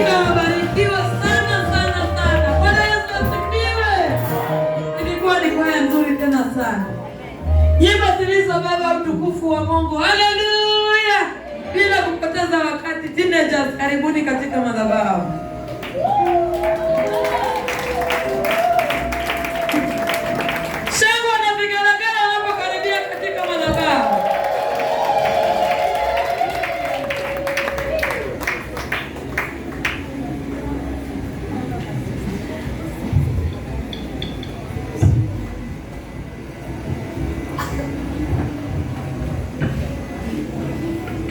Hakika wabarikiwa sana sana sana. Bwana Yesu asifiwe. Ilikuwa ni kwaya nzuri tena sana, nyimbo zilizobeba utukufu wa Mungu. Haleluya! Bila kupoteza wakati, teenagers, karibuni katika madhabahu.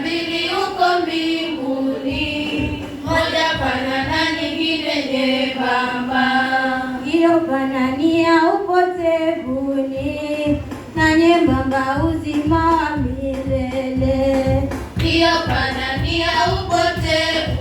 mbili uko mbinguni, moja pana na nyingine nyembamba. Hiyo pana ni ya upotevuni na nyembamba uzima wa milele. Hiyo pana ni ya upotevuni